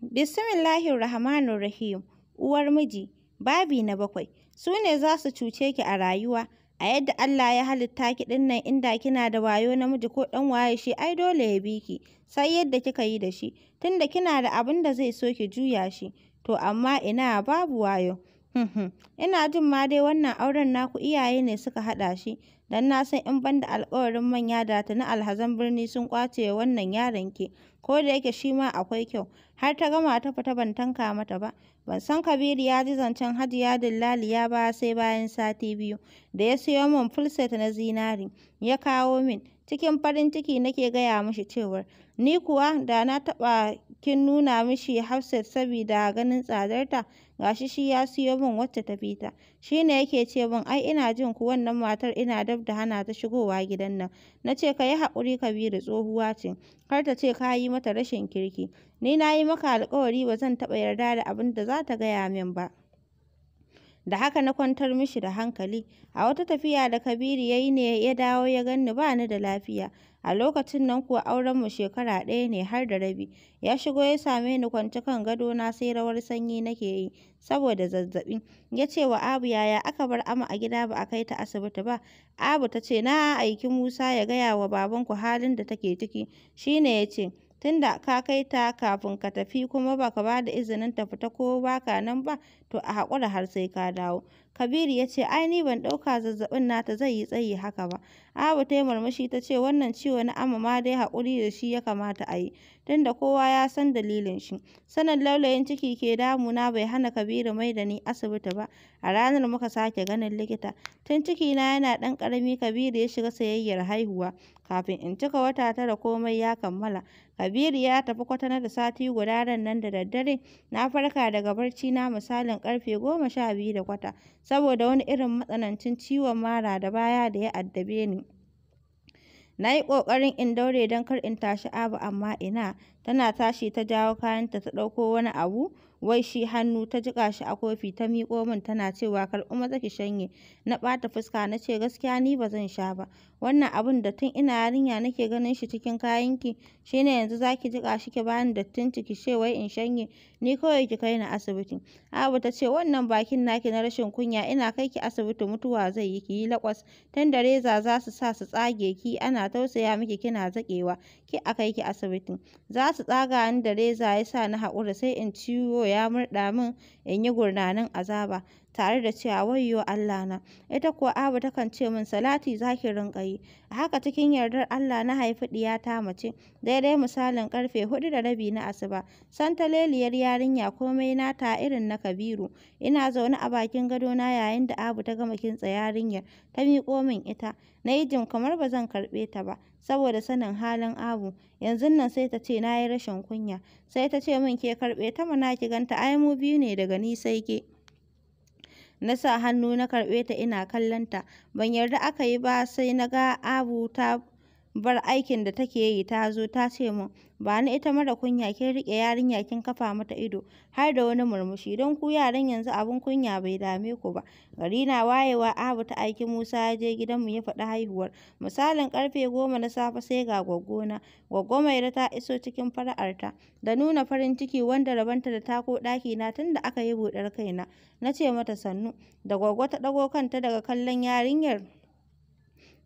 Bismillahirrahmanirrahim. Uwar miji, babi na bakwai. Su ne za su cuce ki a rayuwa. A yadda Allah ya halitta ki ɗin nan inda kina da wayo namiji ko ɗan waye shi ai dole ya bi ki. Sai yadda kika yi da shi. Tunda kina da abin da zai so ki juya shi. To amma ina babu wayo. Ina jin ma dai wannan auren naku iyaye ne suka haɗa shi, don na san in ban da alƙawarin manya da ta na alhazan birni sun ƙwace wannan yaron ke, ko da yake shi ma akwai kyau, har ta gama ta fita ban tanka mata ba. Ban san Kabiru ya ji zancen Hajiya Dillaliya ba sai bayan sati biyu, da ya siyo min full na zinari, ya kawo min. Cikin farin ciki nake gaya mishi cewar, ni kuwa da na taɓa kin nuna mishi Hafsat sabida ganin tsadarta. gashi shi ya siyo min wacce ta fi ta. Shi ne yake ce min ai ina jin ku wannan matar ina dab da hana ta shigowa gidan nan. Na ce ka yi haƙuri Kabiru tsohuwa ce, kar ta ce ka yi mata rashin kirki. Ni na yi maka alƙawari ba zan taɓa yarda da abin da za ta gaya min ba. da haka na kwantar mishi da hankali a wata tafiya da kabiru ya yi ne ya dawo ya ganni ba ni da lafiya A lokacin nan kuwa aurenmu shekara ɗaya ne har da rabi. Ya shigo ya same ni kwance kan gadona sai rawar sanyi nake yi saboda zazzaɓi. Ya ce wa Abu yaya aka bar Ama a gida ba a kai ta asibiti ba? Abu ta ce na aiki Musa ya gaya wa babanku halin da take ciki. Shi ne ya ce tunda ka kai ta kafin ka tafi kuma baka ba da izinin ta fita ko baka nan ba to a haƙura har sai ka dawo. Kabiru ya ce, ai ni ban ɗauka zazzaɓin nata zai yi tsayi haka ba. Abu ta yi murmushi ta ce, wannan ciwo na amama ma dai haƙuri da shi ya kamata a yi, tunda kowa ya san dalilin shi. Sanin laulayin ciki ke damuna bai hana Kabiru mai da ni asibiti ba. A ranar muka sake ganin likita. Tun cikina yana ɗan ƙarami Kabiru ya shiga sayayyar haihuwa. Kafin in cika wata tara komai ya kammala. Kabiru ya tafi kwatana da sati guda ran nan da daddare. Na farka daga barci na misalin ƙarfe goma sha biyu da kwata. saboda wani irin matsanancin ciwon mara da baya da ya addabe ni. Na yi ƙoƙarin in daure don kar in tashi Abu amma ina, tana tashi ta jawo kayanta ta ɗauko wani abu wai shi hannu ta jiƙa shi a kofi ta miƙo min tana cewa kar kuma ki shanye na ɓata fuska na ce gaskiya ni ba zan sha ba wannan abun da tun ina yarinya nake ganin shi cikin kayanki shine yanzu zaki jiƙa shi ki bani dattin ki ce wai in shanye ni kawai ki kai ni asibiti Abu ta ce wannan bakin naki na rashin kunya ina kai ki asibiti mutuwa zai yi ki yi lakwas tun da reza za su sa su tsage ki ana tausaya miki kina zaƙewa ki a kai ki asibiti za su tsaga ni da reza ya sa na haƙura sai in ciwo ya murɗa min in yi gurnanin azaba tare da cewa wayyo Allah na ita kuwa Abu takan ce min salati zaki rinka yi a haka cikin yardar Allah na haifi ɗiyata mace daidai misalin karfe hudu da rabi na asuba santaleliyar yarinya komai na ta irin na Kabiru ina zaune a bakin gado na yayin da Abu ta gama kintsa yarinyar ta miƙo min ita na yi jin kamar ba zan karɓe ta ba saboda sanin halin Abu yanzu nan sai ta ce na yi rashin kunya sai ta ce min ke karɓe ta mana ki ganta ai mu biyu ne daga ni sai na sa hannu na karɓe ta ina kallonta ban yarda aka yi ba sai na ga abu ta bar aikin da take yi ta zo ta ce min ba ni ita mara kunya kin riƙe yarinya kin kafa mata ido har da wani murmushi don ku yaran yanzu abin kunya bai dame ku ba gari na wayewa abu ta aiki musa ya je gidanmu ya faɗi haihuwar misalin karfe goma na safe sai ga gwaggona gwaggo maira ta iso cikin fara'arta da nuna farin ciki wanda rabanta da tako ɗaki na tun da aka yi buɗar kaina na ce mata sannu da gwaggo ta ɗago kanta daga kallon yarinyar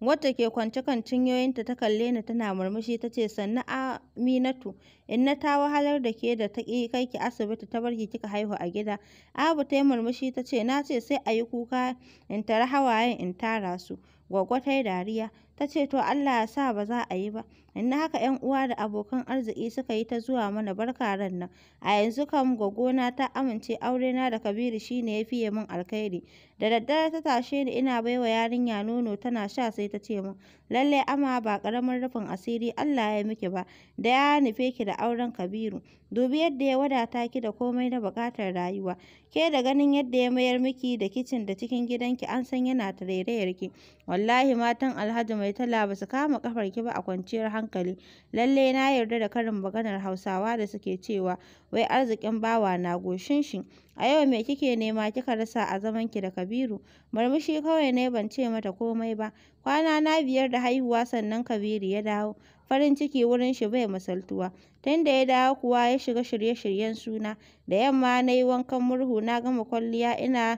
wadda ke kwance kan cinyoyinta ta kalle ni tana murmushi ta ce sannu Aminatu in na ta wahalar da ke da ta ƙi kai ki asibiti ta barki kika haihu a gida Abu ta yi murmushi ta ce na ce sai a yi kuka in tara hawayen in tara su gwaggwa ta dariya ta ce to Allah ya sa ba za a yi ba inna haka yan uwa da abokan arziki suka yi ta zuwa mana barka ran nan a yanzu kam gogona ta amince aure na da Kabiru shine ya fiye min alkhairi da daddare ta tashe ni ina baiwa yarinya nono tana sha sai ta ce min lalle ama ba karamin rufin asiri Allah ya miki ba da ya nufe ki da auren Kabiru dubi yadda ya wadata ki da komai na bukatar rayuwa ke da ganin yadda ya mayar miki da kicin da cikin gidanki an san yana tarairayar ki wallahi matan Alhaji mai tala ba su kama kafar ki ba a kwanciyar hankali Lallai na yarda da karin maganar hausawa da suke cewa wai arzikin bawa na goshin shi a yau me kike nema kika rasa a zaman ki da kabiru murmushi kawai ne ban ce mata komai ba kwana na biyar da haihuwa sannan kabiru ya dawo farin ciki wurin shi bai misaltuwa tun da ya dawo kuwa ya shiga shirye-shiryen suna da yamma na yi wankan murhu na gama kwalliya ina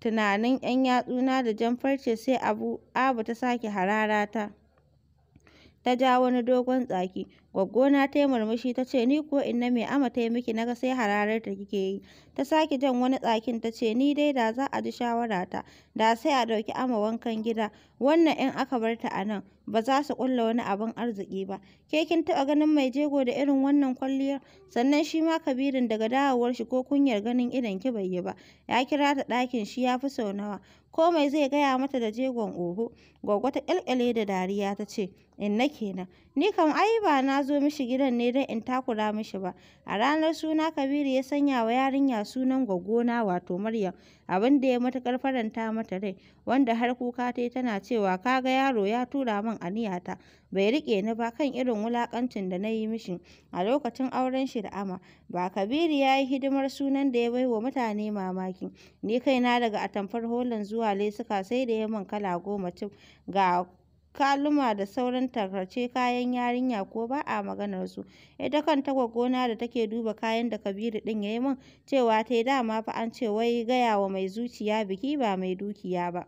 tunanin 'yan yatsuna da jan farce sai Abu ta sake hararata. ta ja wani dogon tsaki. Gwaggona ta yi murmushi ta ce, Ni ko inna mai ama ta yi miki naga sai hararar da kike yi. Ta sake jan wani tsakin ta ce, Ni dai da za a ji shawara ta da sai a ɗauki ama wankan gida. Wannan in aka bar ta a nan, ba za su ƙulla wani abin arziki ba. Ke kin taɓa ganin mai jego da irin wannan kwalliyar? Sannan shi ma kabirin daga dawowar shi ko kunyar ganin idan ki bai yi ba. Ya kira ta ɗakin shi ya fi sau nawa. mai zai gaya mata da jegon oho. gwagwata ta ƙyalƙyale da dariya ta ce, Inna kenan, Ni kam ai ba na zo mishi gidan ne don in takura mishi ba. A ranar suna Kabiru ya sanya wa yarinya sunan gwaggona wato Maryam, abin da ya matuƙar faranta mata rai, wanda har kuka ta tana cewa ka ga yaro ya tura min aniyata, bai riƙe ni ba kan irin wulaƙancin da na yi mishi a lokacin auren shi da Ama. Ba Kabiru ya yi hidimar sunan da ya bai wa mutane mamaki. Ni kaina daga atamfar holan zuwa lesuka sai da ya min kala goma cif ga kaluma da sauran tarkace kayan yarinya ko ba a maganar su ita kanta gwaggona da take duba kayan da kabiru din yayi min cewa tai dama fa an ce wai gaya wa mai zuciya biki ba mai dukiya ba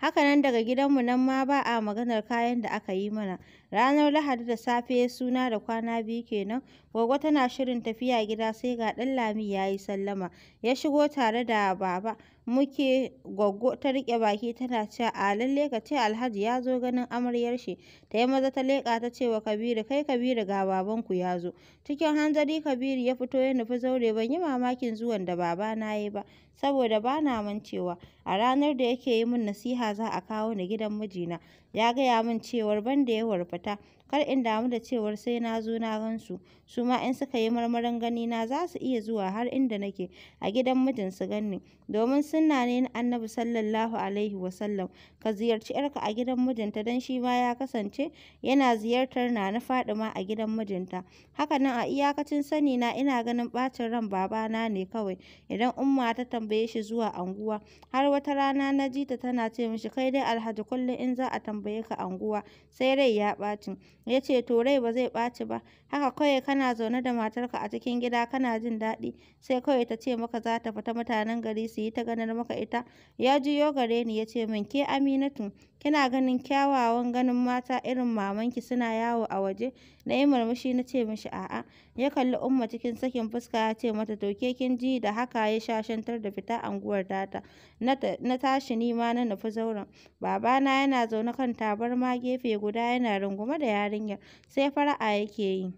haka nan daga gidanmu nan ma ba a maganar kayan da aka yi mana Ranar Lahadi da safe suna da kwana biyu kenan. gogo tana shirin tafiya gida sai ga ɗan Lami ya yi sallama. Ya shigo tare da baba. Muke gogo ta riƙe baki tana cewa a lalle ka ce Alhaji ya zo ganin amaryar shi. Ta yi maza ta leƙa ta ce wa Kabiru kai Kabiru ga babanku ya zo. Cikin hanzari Kabiru ya fito ya nufi zaure ban yi mamakin zuwan da baba na yi ba saboda ba na mancewa a ranar da yake yi min nasiha za a kawo ni gidan mijina ya gaya min cewar ban da ya warfata. kar in damu da cewar sai na zo na gansu su ma in suka yi marmarin gani na za su iya zuwa har inda nake a gidan mijin su ganni domin sunna ne na annabi sallallahu alaihi wasallam ka ziyarci yarka a gidan mijinta don shi ma ya kasance yana ziyartar na nana fadima a gidan mijinta Haka nan, a iyakacin sani na ina ganin bacin ran babana ne kawai idan umma ta tambaye shi zuwa anguwa har wata rana na ji ta tana ce mishi kai dai alhaji kullum in za a tambaye ka anguwa sai rai ya ɓacin ya ce to rai ba zai ɓaci ba haka kawai kana zaune da matarka a cikin gida kana jin daɗi sai kawai ta ce maka za ta fita mutanen gari su yi ta ganar maka ita ya juyo gare ni ya ce min ke aminatu Kina ganin kyawawan ganin mata irin mamanki suna yawo a waje? Na yi murmushi na ce mishi a'a. Ya kalli Umma cikin sakin fuska ya ce mata to ke kin ji da haka ya shashantar da fita anguwar data?' Na tashi ni ma na nufi zauren. Babana yana zaune kan tabarma gefe guda yana rungume da yarinyar, sai fara'a yake yi.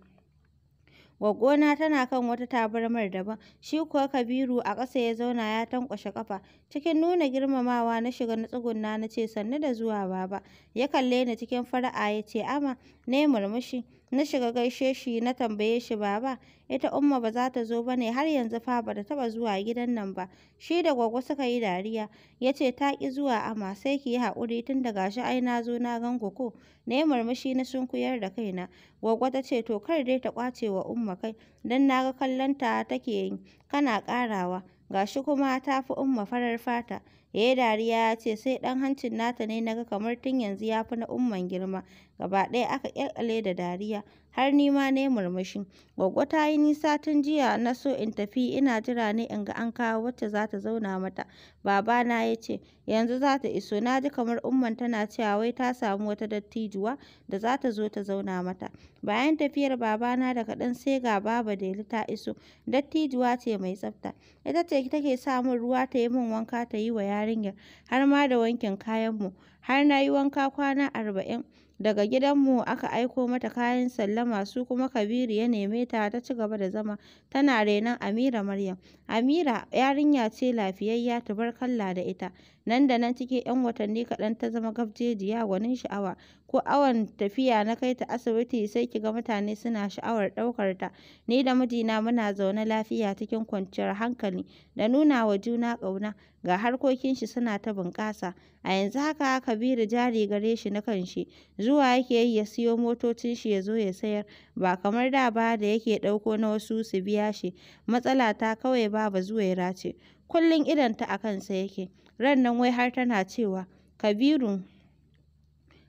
Gwaggona tana kan wata tabarmar daban, shi kuwa Kabiru a ƙasa ya zauna ya tankwashe ƙafa. Cikin nuna girmamawa na shiga na tsuguna na ce sannu da zuwa baba. Ya kalle ni cikin fara'a ya ce ama na murmushi. Na shiga gaishe shi na tambaye shi baba ita umma ba za ta zo ba ne har yanzu fa ba ta taɓa zuwa gidan nan ba. Shi da gwaggo suka yi dariya ya ce ta ƙi zuwa ama sai ki yi haƙuri tun da gashi ai na zo na gan ko. Na murmushi na sunkuyar da kaina. Gwaggo ta ce to kar dai ta ƙwace wa umma kai don na ga ta take yi kana ƙarawa. ga shi kuma ta fi Umma farar fata. Ya yi dariya ya ce sai 'dan hancin nata ne naga kamar tun yanzu ya fi na Umman girma. Gaba ɗaya aka ƙyalƙyale da dariya. har ni ma na yi murmushi. Gwaggo ta yi nisa tun jiya na so in tafi ina jira ne in ga an kawo wacce za ta zauna mata. Babana ya ce, yanzu za ta iso na ji kamar umman tana cewa wai ta samu wata dattijuwa da za ta zo ta zauna mata. Bayan tafiyar babana da kaɗan sai ga Baba Delu ta iso. Dattijuwa ce mai tsafta. Ita ce take sa min ruwa ta yi min wanka ta yi wa yarinyar har ma da wankin kayanmu. Har na yi wanka kwana arba'in. Daga gidanmu aka aiko mata kayan sallama su kuma Kabiru ya neme ta ta ci gaba da zama tana renon Amira Maryam. Amira yarinya ce lafiyayya tubarkalla da ita. nan da nan cikin 'yan watanni kaɗan ta zama gabjejiya gwanin sha'awa ko awon tafiya na kai ta asibiti sai ki ga mutane suna sha'awar ɗaukar ta ni da mijina muna zaune lafiya cikin kwanciyar hankali da nuna wa juna ƙauna ga harkokin shi suna ta bunƙasa a yanzu haka kabiru jari gare shi na kanshi zuwa yake yi ya siyo motocin shi ya zo ya sayar ba kamar da ba da yake ɗauko na wasu su biya shi, matsala ta kawai Baba Zuwaira ce, kullum idonta a kansa yake, ran nan wai har tana cewa, Kabiru,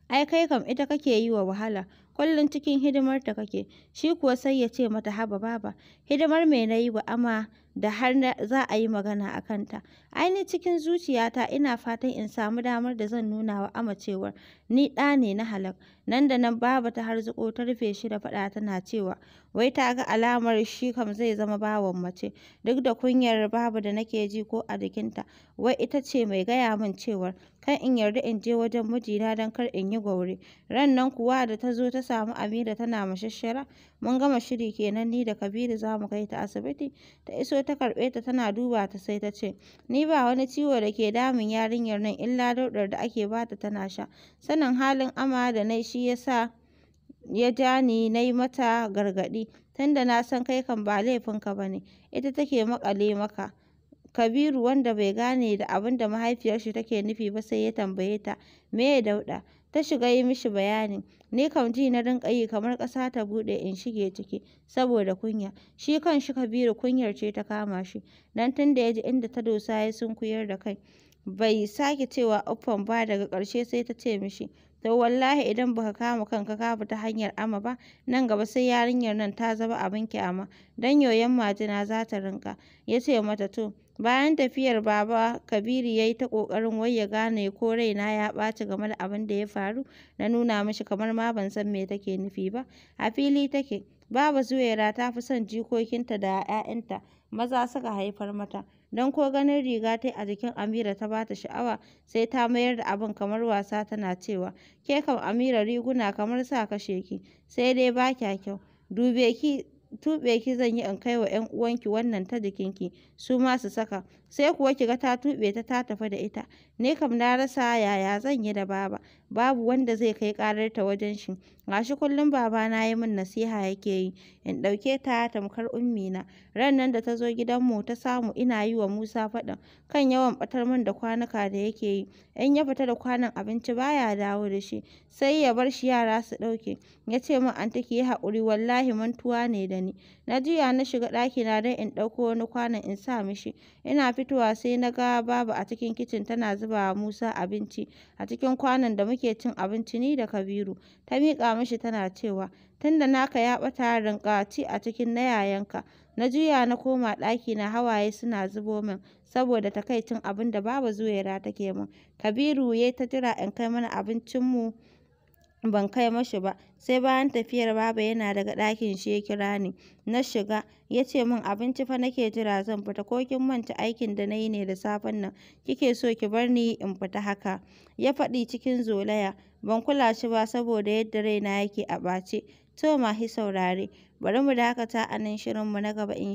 ai kai kam ita kake yi wa wahala, kullum cikin hidimarta kake shi kuwa sai ya ce mata haba baba hidimar mai na yi wa ama da har za a yi magana a kanta aini cikin zuciyata ina fatan in samu damar da zan nuna wa ama cewar ni ɗa ne na halak nan da nan baba ta harzuko ta rufe shi da faɗa tana cewa wai ta ga alamar shi kam zai zama bawan mace duk da kunyar babu da nake ji ko a jikinta wai ita ce mai gaya min cewar kan in yarda in je wajen mijina don kar in yi gwaure ran nan kuwa da ta zo ta samu Amira tana mashashshara, mun gama shiri kenan ni da Kabiru za mu kai ta asibiti, ta iso ta karɓe ta tana duba ta sai ta ce, ni ba wani ciwo da ke damun yarinyar nan illa daudar da ake bata tana sha, sanin halin ama da nai shi yasa ya ja ni na mata gargaɗi, tunda na san kai kan ba laifinka ba ne, ita take makale maka. Kabiru wanda bai gane da abin da mahaifiyarshi take nufi ba sai ya tambaye ta, me ya dauɗa? ta shiga yi mishi bayani. Ni kam ji na rinƙa yi kamar ƙasa ta buɗe in shige ciki saboda kunya. Shi kan shi Kabiru kunyar ce ta kama shi, dan tun da ya ji inda ta dosa ya sunkuyar da kai. Bai sake cewa uffan ba daga ƙarshe sai ta ce mishi, to wallahi idan baka kama kanka ka bi ta hanyar ama ba nan gaba sai yarinyar nan ta zama abin kyama dan yoyon majina za ta rinka ya ce mata to Bayan tafiyar Baba, Kabiru ya yi ta ƙoƙarin wai ya gane ko raina ya ɓaci game da abin da ya faru, na nuna mashi kamar ma ban san me take nufi ba, a fili take, Baba Zuwaira ta fi son jikokinta da 'ya'yanta maza suka haifar mata, don ko ganin riga ta a jikin Amira ta bata sha'awa, sai ta mayar da abin kamar wasa tana cewa, ke kam Amira riguna kamar sa kashe ki, sai dai ba kya kyau, dube ki tuɓe ki zan yi in kai wa ‘yan uwanki wannan ta jikinki su ma su saka sai kuwa ki ga ta tuɓe ta ta tafi da ita ni kam na rasa yaya zan yi da baba babu wanda zai kai ƙarar ta wajen shi gashi kullum baba na yi min nasiha yake yi in ɗauke ta tamkar ummi na ran nan da ta zo gidanmu ta samu ina yi wa Musa faɗin kan yawan ɓatar min da kwanuka da yake yi in ya fita da kwanon abinci baya dawo da shi sai ya bar shi yara su ɗauke ya ce min an take yi haƙuri wallahi mantuwa ne da ni. Na juya na shiga ɗakina don in ɗauko wani kwanon in sa mishi. Ina fitowa sai na ga babu a cikin kicin tana zuba wa Musa abinci a cikin kwanon da muke cin abinci ni da Kabiru. Ta miƙa mishi tana cewa, tunda naka ya ɓata rinƙa ci a cikin na yayanka. Na juya na koma ɗakina hawaye suna zubo min saboda takaicin abin da babu Zuwaira take min. Kabiru ya ta jira in kai mana abincinmu ban kai mashi ba, sai bayan tafiyar Baba yana daga ɗakin shi ya kira ni. Na shiga, ya ce min abinci fa nake jira zan fita ko kin manta aikin da na yi ne da safen nan, kike so ki bar ni in fita haka. Ya faɗi cikin zolaya, ban kula shi ba saboda yadda raina yake a ɓace. To mahi saurare, bari mu dakata a nan shirinmu na gaba in